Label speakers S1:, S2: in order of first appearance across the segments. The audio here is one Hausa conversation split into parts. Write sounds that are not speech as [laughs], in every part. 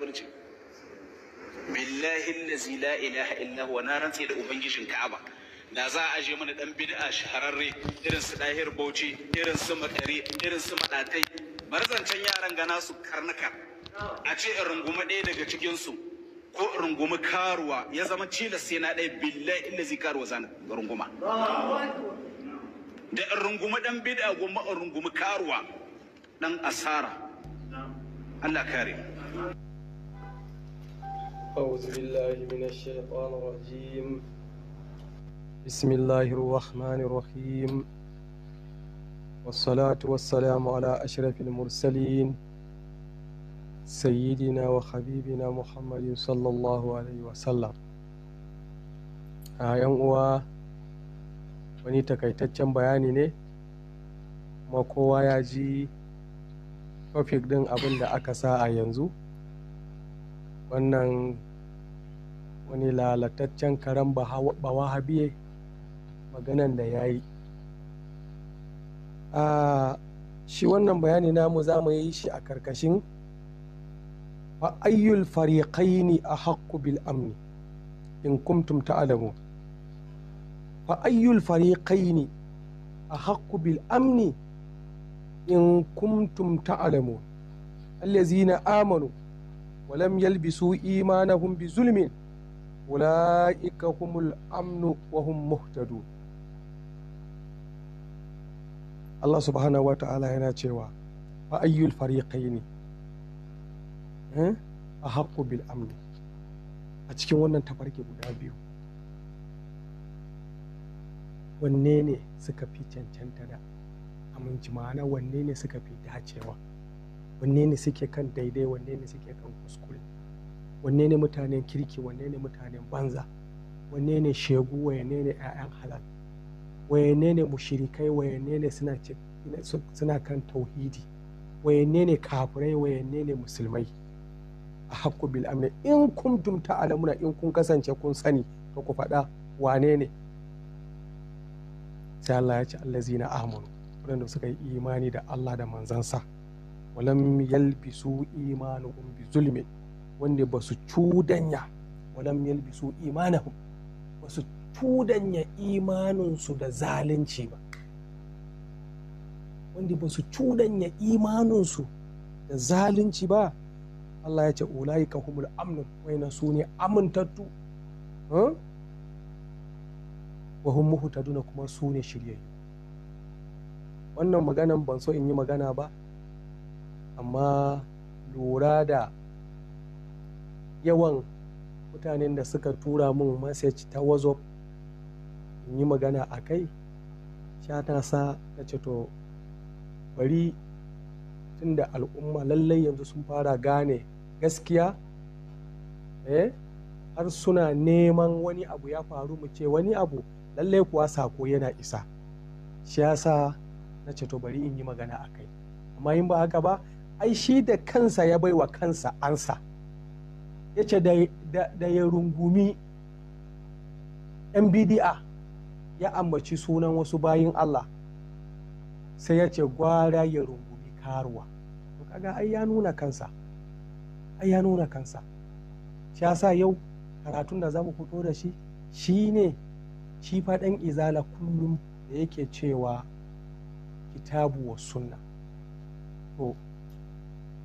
S1: kafirci billahi allazi la ilaha illa huwa na rantse da ubangijin ka'aba da za a je mana dan bid'a shahararre irin su dahir bauchi irin su makari irin su madatai barzancan yaran gana su karnuka a ce in rungumi ɗaya daga cikin su ko in rungumi karuwa ya zama cila sai na ɗaya billahi allazi karuwa zan runguma da in rungumi dan bid'a goma in rungumi karuwa dan asara Allah kare أعوذ بالله من الشيطان الرجيم بسم الله الرحمن الرحيم والصلاة والسلام على أشرف المرسلين سيدنا وحبيبنا محمد صلى الله عليه وسلم أيام uwa wani takaitaccen bayani ne kuma kowa ya ji topic din abin da aka sa a yanzu wannan wani lalataccen karen bawahabiye maganan da ya yi shi wannan bayani namu za mu yi shi a karkashin fa ayyul fariqaini a haƙƙu bil amni in kuntum ta'lamu fa ayyul fariqaini a haƙƙu bil amni in kuntum ta'lamu allazina amanu walam yalbisu imanahum bi zulmin ulaika humul amnu wa hum muhtadun Allah subhanahu wa ta'ala yana cewa fa ayyul fariqaini eh ahaqqu bil amn a cikin wannan tafarki guda biyu wanne ne suka fi cancanta da amincin wanne ne suka fi dacewa wanne ne suke kan daidai wanne ne suke kan kuskure wanne ne mutanen kirki wanne ne mutanen banza wanne ne shegu wanne ne 'ya'yan halal wayanne ne mushirikai wayanne ne suna kan tauhidi wayanne ne kafirai wayanne ne musulmai a hakku bil amri in kuntum ta'lamuna in kun kasance kun sani to ku faɗa wane ne sai Allah ya ce zina amanu waɗanda suka yi imani da Allah da manzansa walam yalbisu imanuhum bi zulmin wanda ba su cudanya walam yalbisu imanahum ba su cudanya imaninsu da zalunci ba wanda ba su cudanya imaninsu da zalunci ba Allah ya ce ulai ka humul wai na su ne amintattu wa hum muhtaduna kuma su ne shiryayyu wannan maganan ban so in yi magana ba amma lura da yawan mutanen da suka tura min message ta wazof in yi magana a kai sha ta sa na ce to bari tun da al'umma lallai yanzu sun fara gane gaskiya eh har suna neman wani abu ya faru mu ce wani abu lallai kuwa sako yana isa shi ya sa na ce to bari in yi magana a kai amma in ba haka ba ai shi da kansa ya baiwa kansa ansa ya ce da ya rungumi yan bidi'a ya ambaci sunan wasu bayin Allah sai ya ce gwara ya rungumi karuwa to kaga ai ya nuna kansa ai ya nuna kansa shi yasa yau karatun da za mu fito da shi shi ne shi faɗin izala kullum da yake cewa kitabu wa sunna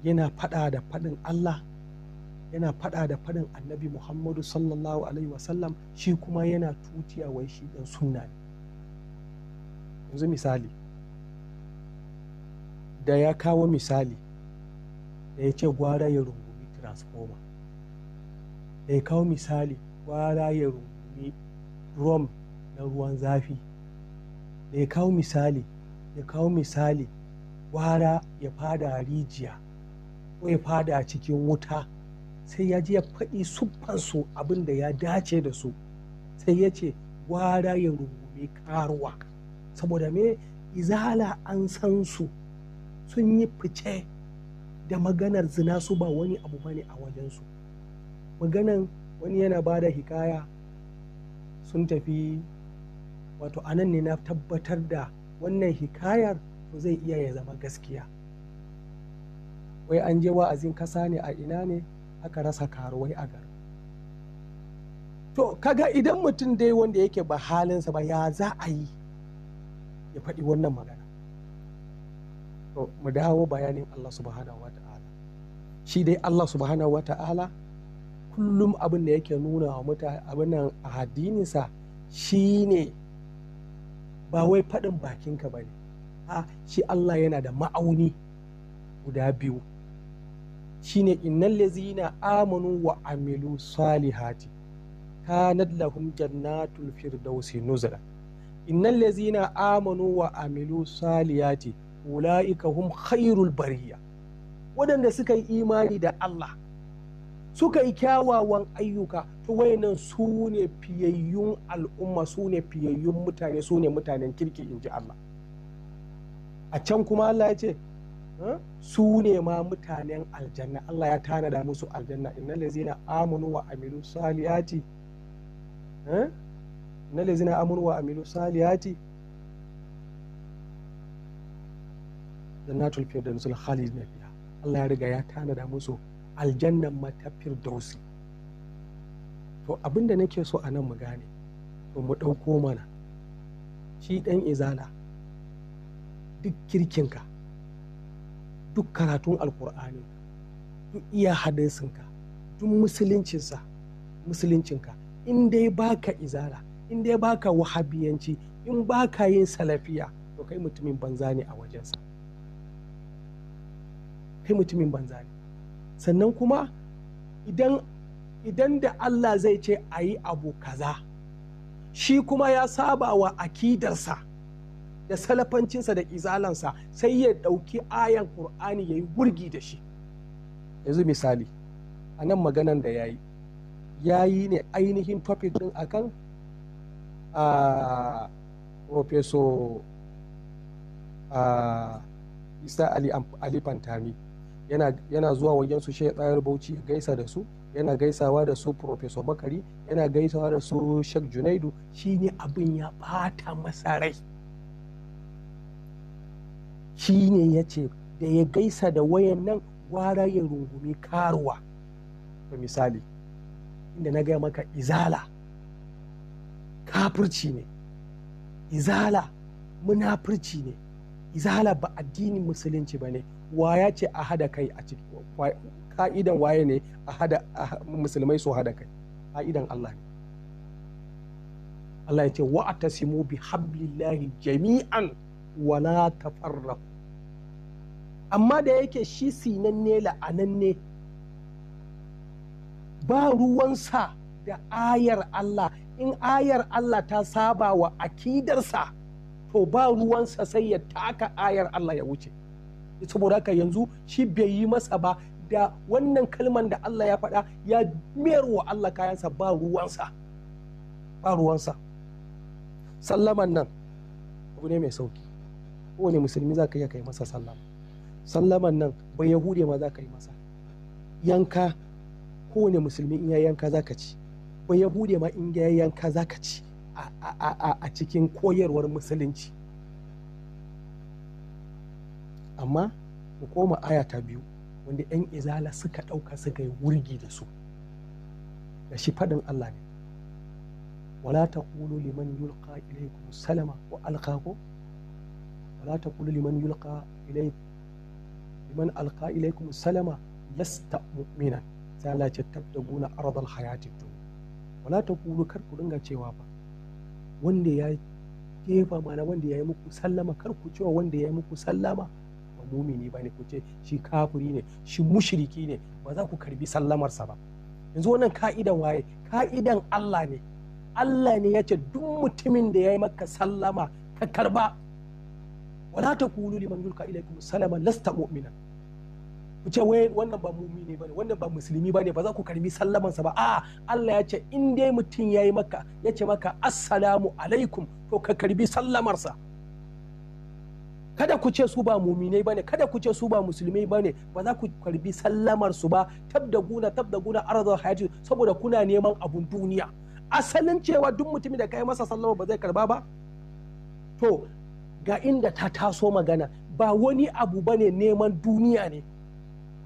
S1: yana faɗa da faɗin Allah yana faɗa da faɗin annabi Muhammadu sallallahu alaihi wasallam shi kuma yana tutiya wai shi ɗin sunna ne yanzu misali da ya kawo misali da ya ce gwara ya rungumi transformer da ya kawo misali gwara ya rungumi rom na ruwan zafi da ya kawo misali ya kawo misali gwara ya fada rijiya ya fada cikin wuta sai ya ji ya faɗi siffansu abin da ya dace da su sai ya ce gwara ya rungumi karuwa saboda me izala an san su sun yi fice da maganar zina su ba wani abu bane a wajensu maganan wani yana ba da hikaya sun tafi wato anan ne na tabbatar da wannan hikayar zai iya ya zama gaskiya wai an je wa'azin kasa ne a ina ne aka rasa karuwai a gari to kaga idan mutum dai wanda yake ba halinsa ba ya za a yi ya faɗi wannan magana to mu dawo bayanin Allah subhanahu wa ta'ala shi dai Allah subhanahu wa ta'ala kullum abin da yake nuna wa mutane abin nan a addininsa shi ne ba wai faɗin bakinka ba ne a shi Allah yana da ma'auni guda biyu shine innal lazina amanu wa amilu salihati kanat lahum jannatul firdausi nuzula innal lazina amanu wa amilu salihati ulaika hum khairul bariya waɗanda suka yi imani da Allah suka yi kyawawan ayyuka to wayannan su ne fiyayyun al'umma su ne fiyayyun mutane su ne mutanen kirki inji Allah a can kuma Allah ya ce su ne ma mutanen aljanna Allah ya tanada musu aljanna innal ladzina amanu wa amilu saliyati eh? innal ladzina amanu wa amilu saliyati jannatul firdausul khalid ne fiya Allah ya riga ya tanada musu aljannan mata firdausi to abinda nake so a nan mu gane to mu ɗauko mana shi dan izala duk kirkinka duk karatun alkur'ani duk iya hadisinka duk musuluncinsa musuluncinka in dai baka izara, in dai baka wahabiyanci in baka yin salafiya to kai mutumin banza ne a wajensa kai mutumin banza ne sannan kuma idan idan da Allah zai ce a yi abu kaza shi kuma ya saba wa akidarsa da salafancinsa da izalansa sai ya ɗauki ayan ƙur'ani ya yi gurgi da shi yanzu misali a nan maganan da ya yi ya yi ne ainihin topic ɗin akan a kan a isa ali fantami yana zuwa wajen su shai tsayar bauchi ya gaisa da su yana gaisawa da su profeso bakari yana gaisawa da su shek junaidu shi ne abin ya bata masarai rai shi ne ya ce da ya gaisa da wayan nan gwara ya rungumi karuwa da misali inda na gaya maka izala kafirci ne izala munafurci ne izala ba addinin musulunci ba ne ya ce a hada kai a ciki ka'idan waye ne a hada musulmai su hada kai ka'idan Allah ne Allah ya ce wa atasimu bi hablillahi jami'an wala tafarrahu amma da yake shi sinanne la'ananne ba ruwansa da ayar Allah in ayar Allah ta saba wa akidarsa to ba ruwansa sai ya taka ayar Allah ya wuce saboda haka yanzu shi bai yi masa ba da wannan kalman da Allah ya faɗa ya mayar wa Allah kayansa ba ruwansa ba ruwansa sallaman nan abu ne mai sauki kowane musulmi za ka iya kai masa sallama sallaman nan bai yahude ma za ka yi masa yanka kowane musulmi in ya yanka za ka ci bai yahude ma in ya yanka za ka ci a cikin koyarwar musulunci amma mu koma aya ta biyu wanda 'yan izala suka ɗauka suka yi wurgi da su da shi faɗin Allah ne wala ta liman yulqa ilaikum salama wa alqaku la taqulu liman yulqa ilaykum liman alqa salama lasta mu'mina sai Allah ce tabtaguna aradal hayati dunya wala taqulu kar ku dinga cewa ba wanda ya jefa mana wanda ya yi muku sallama kar ku cewa wanda ya yi muku sallama ba mumini ba ne ku ce shi kafuri ne shi mushriki ne ba za ku karbi sallamarsa ba yanzu nan ka'idan waye ka'idan Allah ne Allah ne ya ce duk mutumin da ya yi maka sallama ka karba wala kulu liman yulka ilaikum salama lasta mu'mina ku ce wai wannan ba mu'mini bane wannan ba musulmi bane ba za ku karbi sallaman sa ba a Allah ya ce in dai mutum yayi maka ya ce maka assalamu alaikum to ka karbi sallamar sa kada ku ce su ba muminai bane kada ku ce su ba Musulmi bane ba za ku karbi sallamar su ba tabda guna tabda guna arzar hayati saboda kuna neman abun duniya asalin cewa duk mutumin da kai masa sallama ba zai karba ba to ga inda ta taso magana ba wani abu ba ne neman duniya ne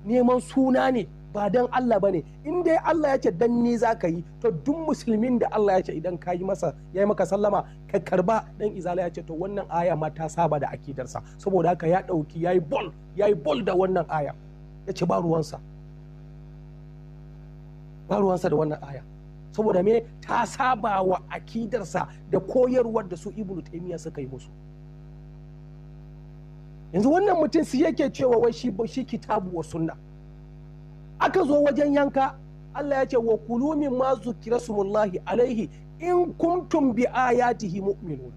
S1: neman suna ne ba don Allah ba ne in dai Allah ya ce dan ni za ka yi to duk musulmin da Allah ya ce idan ka yi masa ya yi maka sallama ka karba dan izala ya ce to wannan aya ma ta saba da akidarsa saboda haka ya ɗauki ya yi bol ya yi bol da wannan aya ya ce ba ruwansa ba ruwansa da wannan aya saboda me ta saba wa akidarsa da koyarwar da su ibnu taymiya suka yi musu yanzu wannan mutum su yake cewa wai shi shi kitabu wa sunna aka zo wajen yanka Allah ya ce wa kulumin ma zukira sumullahi alaihi in kuntum bi ayatihi mu'minun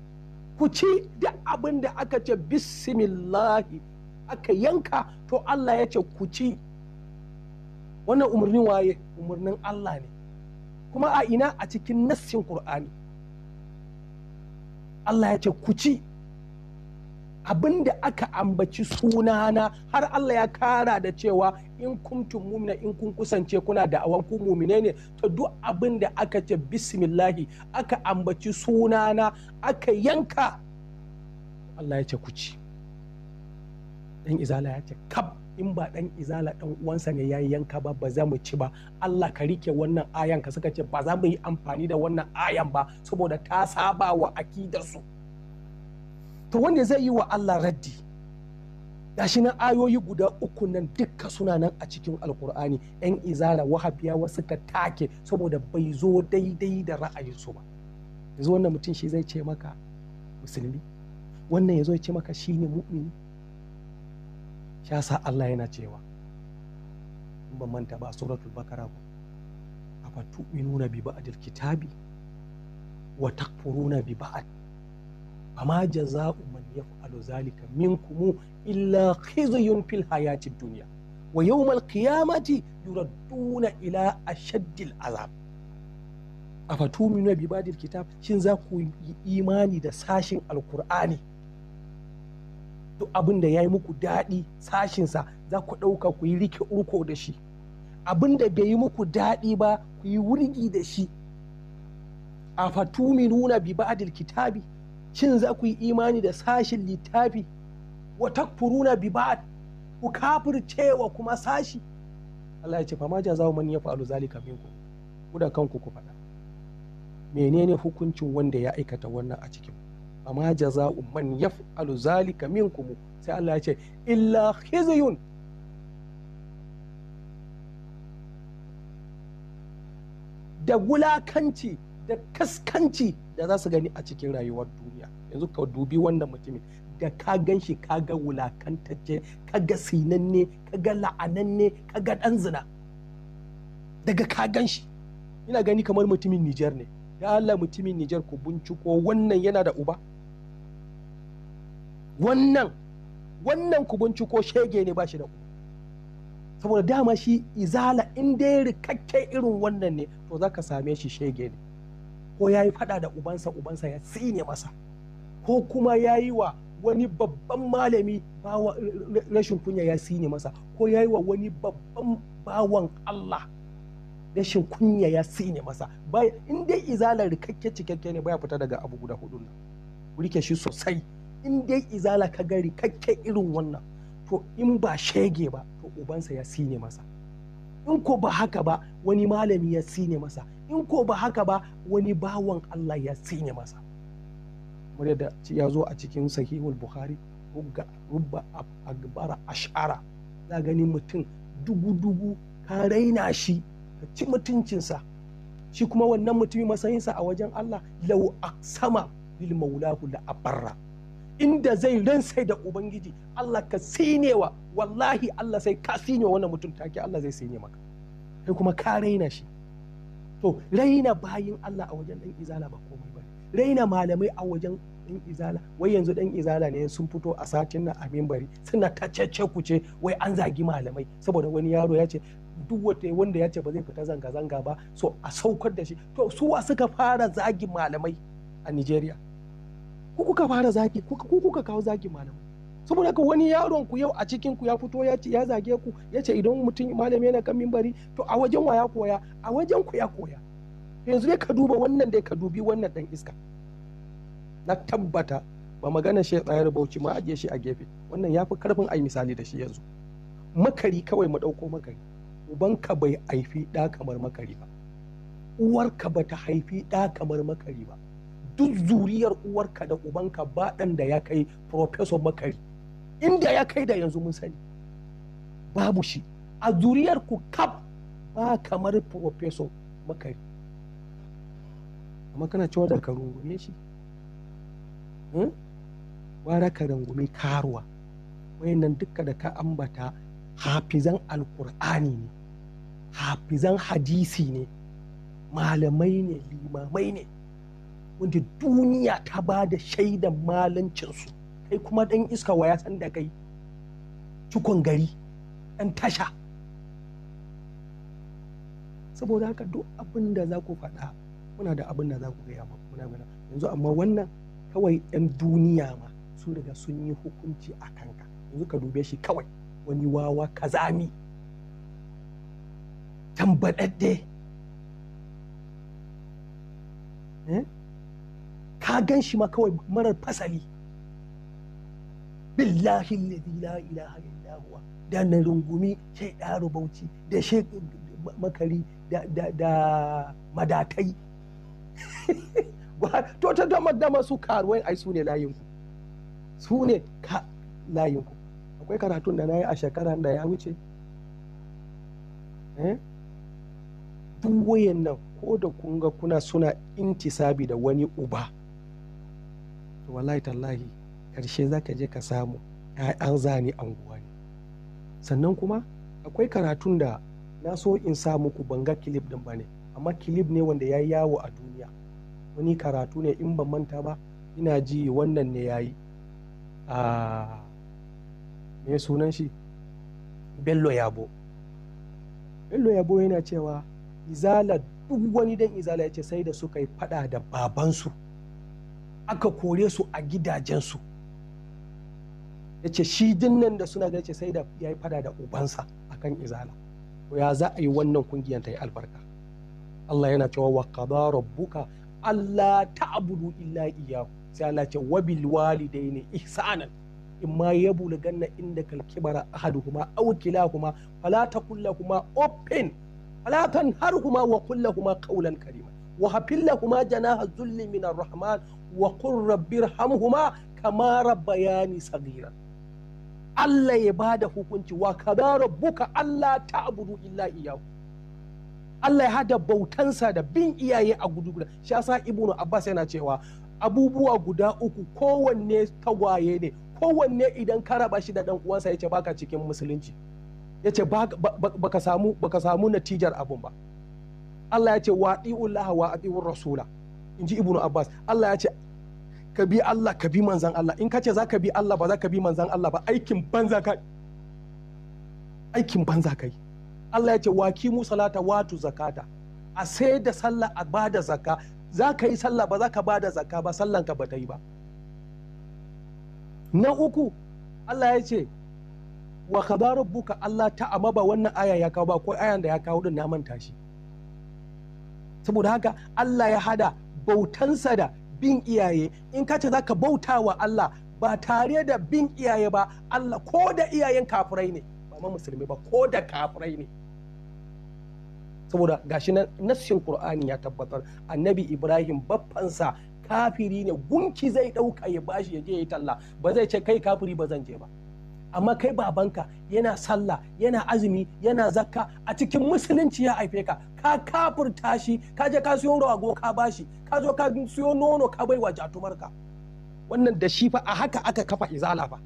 S1: ku ci da abin da aka ce bismillahi aka yanka to Allah ya ce ku ci wannan umarnin waye umarnin Allah ne kuma a ina a cikin nassin Qur'ani Allah ya ce ku ci abin da aka ambaci sunana har Allah ya kara da cewa in kuntum mumina in kun kusance kuna da awan ku mumine ne to duk abin da aka ce bismillahi aka ambaci sunana aka yanka Allah ya ce ku ci dan izala ya ce kab in ba dan izala dan uwansa ne yayi yanka ba ba za mu ci ba Allah ka rike wannan ayan ka suka ce ba za mu yi amfani da wannan ayan ba saboda ta saba wa akidarsu su to wanda zai yi wa Allah raddi gashi nan ayoyi guda uku nan dukka suna nan a cikin alkur'ani yan izara wahabiyawa suka take saboda bai zo daidai da ra'ayinsu ba yanzu wannan mutum shi zai ce maka musulmi wannan ya zo ce maka shi ne mu'mini shi yasa Allah yana cewa in ban manta ba suratul bakara ko afa tu'minuna bi ba'dil kitabi wa takfuruna bi ba'd amma jaza'u man yaf'alu zalika minkum illa khizyun fil hayati dunya wa yawmal qiyamati yuradduna ila ashaddil azab afatuminuna bi badil kitab shin za ku yi imani da sashin alkur'ani duk abin da ya yi muku daɗi sashinsa za ku ɗauka ku yi rike urko da shi abin da bai yi muku daɗi ba ku yi wurgi da shi A afatuminuna bi badil kitabi shin za ku yi imani da sashin littafi wa takfuruna bi ba'd ku kafircewa kuma sashi Allah ya ce fa ma jazaa'u man yaf'alu zalika minku ku da kanku ku faɗa menene hukuncin wanda ya aikata wannan a cikin fa ma jazaa'u man yaf'alu zalika minkum sai Allah ya ce illa khizyun da wulakanci da kaskanci da za su gani a cikin rayuwar duniya yanzu ka dubi wannan mutumin da ka gan shi ka ga wulakantacce ka ga sinanne ka ga la'ananne ka ga dan zina daga ka gan shi ina gani kamar mutumin Nijar ne ya Allah mutumin Nijar ku binciko wannan yana da uba wannan wannan ku binciko shege ne ba shi da uba saboda dama shi izala in dai rikakke irin wannan ne to zaka same shi shege ne ko ya yi faɗa da ubansa ubansa ya tsine masa ko kuma ya yi wa wani babban malami rashin kunya ya tsine masa ko ya yi wa wani babban bawan Allah rashin kunya ya tsine masa in dai izalar rikakke cikakke ne baya fita daga abu guda hudu nan rike shi sosai in dai izala ka ga rikakke irin wannan to in ba shege ba to ubansa ya tsine masa in ko ba haka ba wani malami ya tsine masa in ko ba haka ba wani bawan Allah ya tsine masa kamar yadda ya zo a cikin sahihul bukhari ga rubba agbara ash'ara za gani mutum dubu dubu ka raina shi ka ci mutuncinsa shi kuma wannan mutumin masayinsa a wajen Allah lau aksama lil maula la abarra inda zai rinsai da ubangiji Allah ka sinewa wallahi Allah sai ka sine wannan mutum take Allah zai sine maka kai kuma ka raina shi to raina bayin Allah a wajen dan izala ba komai ba raina malamai a wajen dan izala wai yanzu dan izala ne sun fito a satin na a bari suna ta cece ce wai an zagi malamai saboda wani yaro ya ce duk wata wanda ya ce ba zai fita zanga zanga ba so a saukar da shi to suwa suka fara zagin malamai a Nigeria ku kuka fara zaki? ku kuka kawo zagi malam saboda ka wani yaron ku yau a cikin ku ya fito ya ce ya zage ku ya ce idan mutum malami yana kan mimbari to a wajen wa ya koya a wajen ku ya koya yanzu dai ka duba wannan dai ka dubi wannan dan iska na tabbata ba magana shi ya tsayar bauchi ma ajiye shi a gefe wannan ya fi karfin ai misali da shi yanzu makari kawai mu ɗauko makari ubanka bai haifi ɗa kamar makari ba uwarka ba ta haifi ɗa kamar makari ba duk zuriyar uwarka da ubanka ba ɗan da ya kai profesor makari inda ya kai da yanzu mun sani babu shi a zuriyar ku kaf ba kamar profesor makari amma kana cewa da ka rungume shi hmm? wara ka rungume karuwa nan duka da ka ambata hafizan alkur'ani ne hafizan hadisi ne malamai ne limamai ne wanda duniya ta ba da shaidan su kai kuma ɗan iska wa ya san da kai cikon gari dan tasha saboda haka duk abin da za ku faɗa muna da abin da za ku gaya muna gana yanzu amma wannan kawai yan duniya ma su daga sun yi hukunci a kanka yanzu ka dube shi kawai wani wawa kazami tambaɗaɗɗe eh? ka gan shi ma kawai marar fasali billahi alladhi la ilaha illa huwa da na rungumi sai da bauchi da shi makari da madatai [laughs] to ta dama dama su karuwai ai su ne layinku su ne ka layinku akwai karatun da na yi a shekaran da ya wuce eh? duk wayan nan ko da kunga kuna suna intisabi da wani uba wallahi tallahi karshe za ka je ka samu an zane anguwa ne sannan kuma akwai karatun da na so in sa muku banga kilif din ba ne amma kilif ne wanda ya yi yawo a duniya wani karatu ne in ban manta ba ina ji wannan ne ya yi a ah, me sunan shi bello yabo bello yabo yana cewa izala duk wani dan izala ya ce sai da suka yi fada da babansu aka kore su a gidajensu ya ce shi dinnan da suna ce sai da ya yi fada da ubansa a kan izala ya za a yi wannan kungiyar ta yi albarka Allah yana cewa wa qada rabbuka Allah ta'budu illa iyyahu sai Allah ce wa bil In ma imma ganna inda kalkibara ahaduhuma aw kilahuma fala taqul lahumu open fala tanharhuma wa qul lahumu qawlan karima wa hafilla huma janaha zulli rahman wa qur rabbir hamhuma kama rabbayani sagira Allah ya bada hukunci wa kaza rabbuka Allah ta'budu illa iyyahu Allah ya hada bautansa da bin iyaye a gudu guda shi ibnu abbas yana cewa abubuwa guda uku kowanne tagwaye ne kowanne idan ka raba shi da ɗan'uwansa, uwansa yace baka cikin musulunci yace baka samu baka samu natijar abun ba Allah ya ce wa Allah wa ɗiun rasula in ji ibnu abbas Allah ya ce ka bi Allah ka bi manzan Allah in ka ce za ka bi Allah ba za ka bi manzan Allah ba aikin banza ka aikin banza kai Allah ya ce wa kimu salata watu zakata a sai da sallah a ba da zakka za ka yi sallah ba za ka ba da zakka ba sallan ka ba ta yi ba na uku Allah ya ce wa ka rabbuka Allah ta amaba wannan aya ya kawo ba ko ayan da ya kawo din na manta shi saboda haka Allah ya hada bautansa da bin iyaye in ka ce za ka bauta wa Allah ba tare da bin iyaye ba Allah ko da iyayen kafirai ne ba ma musulmi ba ko da kafirai ne saboda gashi na nassin qur'ani ya tabbatar annabi ibrahim baffansa kafiri ne gunki zai dauka ya bashi ya je ya talla ba zai ce kai kafiri ba zan je ba amma kai babanka yana sallah yana azumi yana zakka a cikin musulunci ya haife ka ka kafurta shi ka je ka siyo rago ka bashi ka zo ka siyo nono ka baiwa jatumarka wannan da shi fa a haka aka kafa izala fa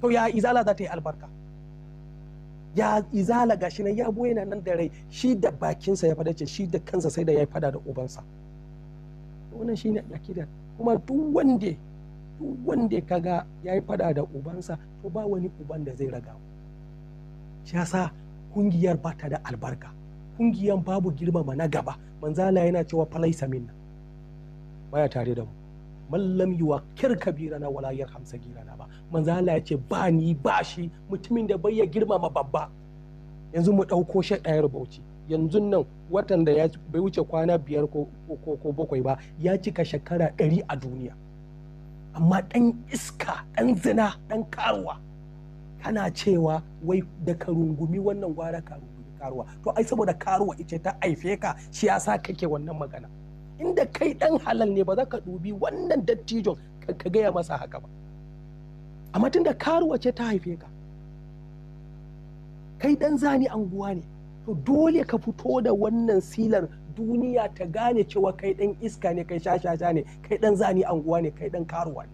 S1: to ya izala za ta yi albarka ya izala gashi nan ya boye nan da rai shi da bakinsa ya fada ce shi da kansa sai da ya fada da ubansa wannan shi ne akida kuma duk wanda duk wanda kaga ya yi fada da ubansa to ba wani uban da zai raga shi yasa kungiyar ba ta da albarka kungiyan babu girmama na gaba manzala yana cewa falaisa minna baya tare da mu mallam yiwa kir kabira na wala yar hamsa girana ba manzala ya ce ba ni ba shi mutumin da bai ya girmama babba yanzu mu ɗauko shi ɗayar bauchi yanzu nan watan da ya bai wuce kwana biyar ko bakwai ba ya cika shekara ɗari a duniya amma ɗan iska ɗan zina ɗan karuwa kana cewa wai da ka wannan gwara karu karuwa to ai saboda karuwa ita ta haife ka shi yasa kake wannan magana inda kai dan halal ne ba za ka dubi wannan dattijon ka gaya masa haka ba amma tunda karuwa ce ta haife ka kai dan zani anguwa ne to dole ka fito da wannan silar duniya ta gane cewa kai dan iska ne kai shashasha ne kai dan zani anguwa ne kai dan karuwa ne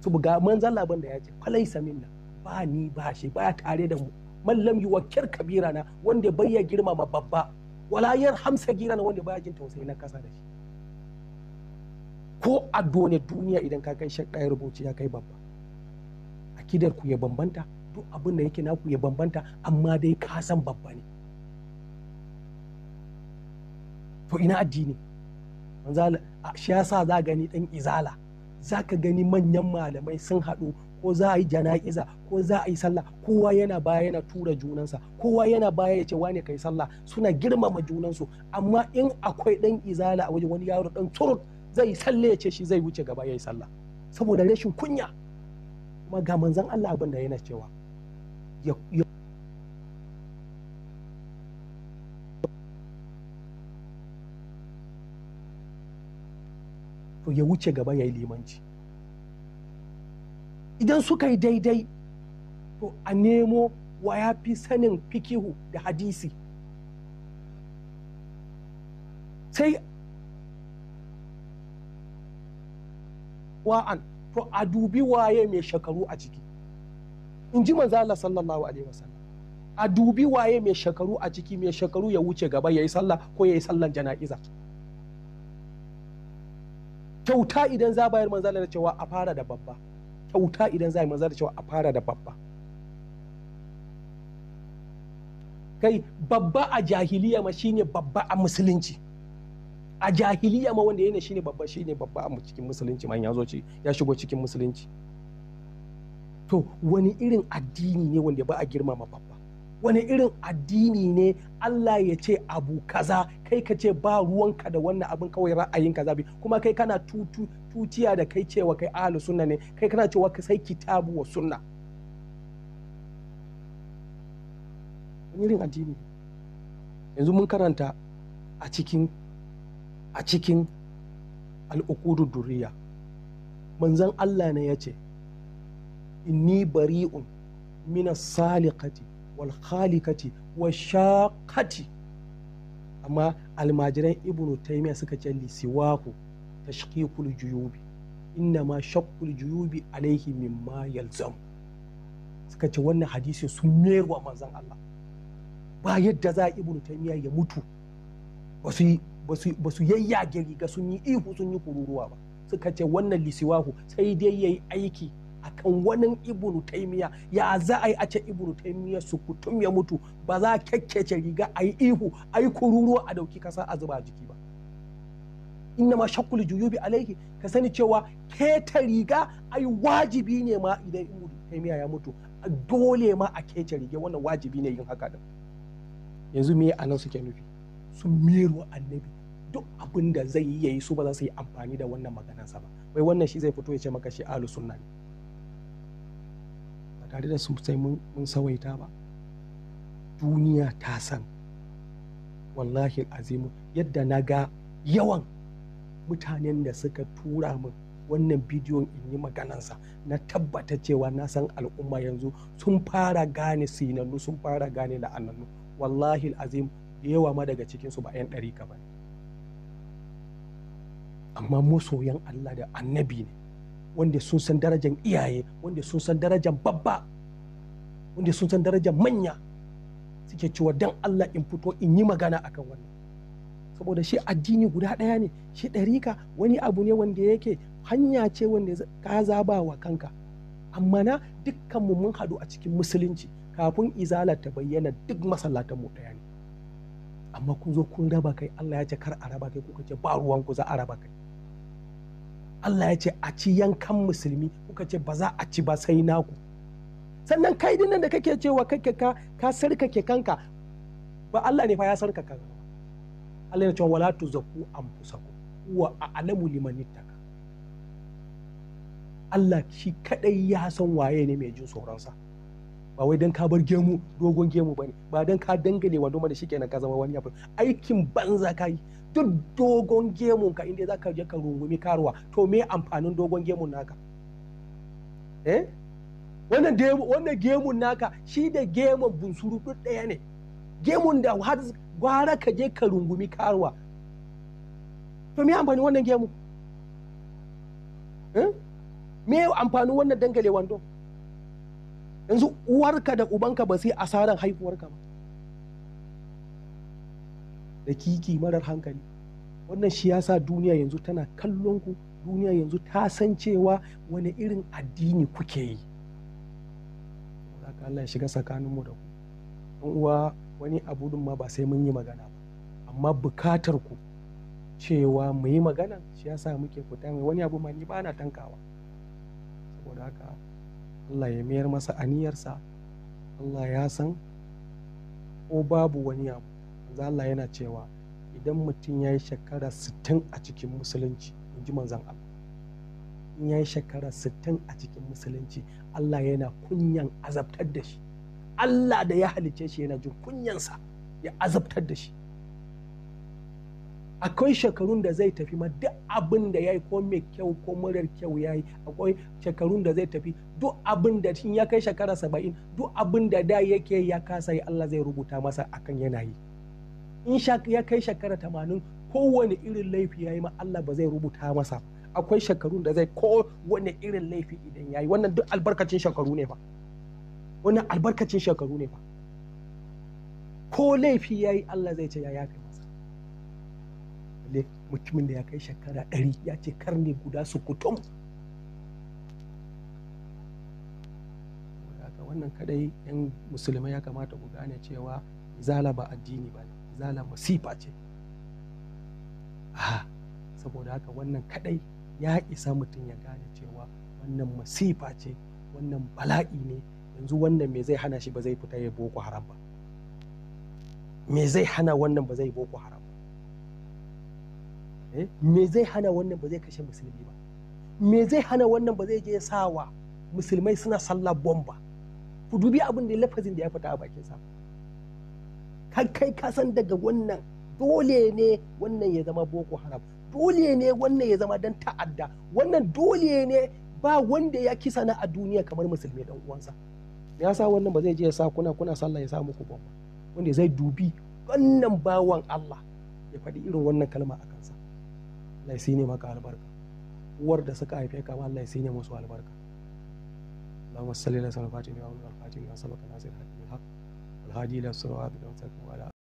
S1: su buga manzan laban da ya ce kwalai saminna ba ni ba shi ba tare da mu man lam Kabira na wanda baya girmama babba wala gira na wanda baya jin tausayi na kasa da shi ko a done duniya idan ka kai shakka ya rubuci ya kai babba akidar ku ya bambanta duk abin da yake naku ya bambanta amma dai ka san babba ne to ina addini shi yasa za gani dan izala za ka gani manyan malamai sun haɗu ko za a yi jana'iza ko za a yi sallah kowa yana baya yana tura junansa kowa yana baya ya ce wane kai sallah suna girmama junansu amma in akwai dan izala a wajen wani yaro dan turut zai yi sallah ya ce shi zai wuce gaba ya yi sallah saboda rashin kunya kuma ga manzon Allah abin da yana cewa to ya wuce gaba ya yi limanci idan suka yi daidai to a nemo wa ya fi sanin fikihu da hadisi sai wa'an to a dubi waye mai shekaru a ciki in ji manzo Allah sallallahu alaihi wasallam a dubi waye mai shekaru a ciki mai shekaru ya wuce gaba yayi sallah ko yayi sallan jana'iza kyauta idan za bayar manzala da cewa a fara da babba kyauta idan za a yi maza da cewa a fara da babba kai babba a jahiliya ma shine babba a musulunci a jahiliya ma wanda yana shine babba shine babba a cikin musulunci man ya zo ya shigo cikin musulunci to wani irin addini ne wanda ba a girmama babba wani irin addini ne Allah ya ce abu kaza kai ka ce ba ruwanka da wannan abin kawai ra'ayin kaza bi kuma kai kana tutu da kai cewa kai ahlu sunna ne kai kana cewa ka sai kitabu wa sunna irin addini yanzu mun karanta a cikin a cikin al'ukudu duriya manzan Allah ne ya ce inni bari'un mina salikati wal wa shaqati amma almajiran ibnu taymiya suka ce li siwaku tashqiqul juyubi inna ma shaqqul juyubi alaihi mimma yalzam suka ce wannan hadisi sun merwa manzon Allah ba yadda za ibnu taymiya ya mutu ba su yayyage riga sun yi ihu sun yi kururuwa ba suka ce wannan lisiwahu sai dai yayi aiki akan wani ibnu taimiya ya za a yi a ce ibnu taimiya su kutum ya mutu ba za a kyakkyace riga a yi ihu a yi kururuwa a dauki kasa a zuba jiki ba inna ma shakkul juyubi alaihi ka sani cewa keta riga a yi wajibi ne ma idan ibnu taimiya ya mutu dole ma a kece riga wannan wajibi ne yin haka din yanzu me anan suke nufi sun mero annabi duk abin da zai yi yayi su ba za su yi amfani da wannan maganansa ba wai wannan shi zai fito ya ce maka shi ahlus sunna ne tare da su sai mun sawaita ba duniya ta san wallahi azimu yadda na ga yawan mutanen da suka tura min wannan bidiyon in yi maganansa na tabbata cewa na san al'umma yanzu sun fara gane sinannu sun fara gane la'anannu wallahi azim da yawa ma daga cikinsu ba 'yan ɗari ka ba amma masoyan allah da annabi ne wanda sun san darajar iyaye wanda sun san darajar babba wanda sun san darajar manya suke cewa dan Allah in fito in yi magana akan wannan saboda shi addini guda ɗaya ne shi ɗarika wani abu ne wanda yake hanya ce wanda ka zaba wa kanka amma na dukkan mu mun hadu a cikin musulunci kafin izala ta bayyana duk masallatan mu ɗaya ne amma kun zo kun raba kai Allah ya ce kar a raba kai kuka ce ba ruwan ku za a raba kai Allah ya ce a ci yankan musulmi kuka ce ba za a ci ba sai naku sannan kai dinnan da kake cewa kake ka ka sarkake kanka ba Allah ne fa ya sarkaka Allah ya ce wala tuzakku anfusakum wa a'lamu liman ittaka Allah shi kadai ya san waye ne mai jin sa ba wai dan ka bar gemu dogon gemu bane ba dan ka dangane wa doma da shikenan ka zama wani abu aikin banza kai duk dogon gemun ka inda ka je ka rungumi karuwa to me amfanin dogon gemun naka eh wannan gemun naka shi da gemun bunsuru duk ɗaya ne gemun da har gwara ka je ka rungumi karuwa to me amfani wannan gemun. Eh? me amfanin wannan dangale wando yanzu uwarka da ubanka ba sai asaran haihuwarka ba da kiki marar hankali wannan shi ya sa duniya yanzu tana kallon ku duniya yanzu ta san cewa wani irin addini kuke yi Allah ya shiga tsakaninmu da ku uwa wani abu ma ba sai mun yi magana ba amma bukatar ku cewa mu yi magana shi ya sa muke fita mai wani abu ma ni ba na tankawa saboda haka Allah ya mayar masa aniyarsa Allah ya san ko babu wani abu manzo Allah yana cewa idan mutum ya yi shekara 60 a cikin musulunci in ji manzon Allah in ya yi shekara 60 a cikin musulunci Allah yana kunyan azabtar da shi Allah da ya halice shi yana jin kunyansa ya azabtar da shi akwai shekarun da zai tafi ma duk abin da ya yi ko mai kyau ko murar kyau ya yi akwai shekarun da zai tafi duk abin da shi ya kai shekara saba'in duk abin da da yake ya kasa yi Allah zai rubuta masa akan yana yi. in ya kai shekara tamanin kowane irin laifi ya yi ma Allah ba zai rubuta masa akwai shekarun da zai kowane irin laifi idan ya yi wannan duk albarkacin shekaru ne fa wannan albarkacin shekaru ne fa ko laifi ya yi Allah zai ce ya yafe masa mutumin da ya kai shekara ɗari ya ce karni guda su kutum wannan kadai yan musulmai ya kamata ku gane cewa zala ba addini ba ne zala masifa ce saboda haka wannan kadai ya isa mutum ya gane cewa wannan masifa ce wannan bala'i ne yanzu wannan me zai hana shi ba zai fita ya boko haram ba me zai hana wannan ba zai boko haram ba eh, me zai hana wannan ba zai kashe musulmi ba me zai hana wannan ba zai je sawa musulmai suna sallah bomba ku dubi abin da lafazin da ya fita a bakin sa kai ka san daga wannan dole ne wannan ya zama boko haram dole ne wannan ya zama dan ta'adda wannan dole ne ba wanda ya kisa na a duniya kamar musulmi dan uwansa me yasa wannan ba zai je ya sa kuna kuna sallah ya sa muku bomba wanda zai dubi wannan bawan Allah ya faɗi irin wannan kalma a kansa Allah ya ne maka albarka uwar da suka haife ka Allah ya ne musu albarka Salli صل على سيدنا محمد وعلى اله wa وسلم والهادي إلى صراط ولا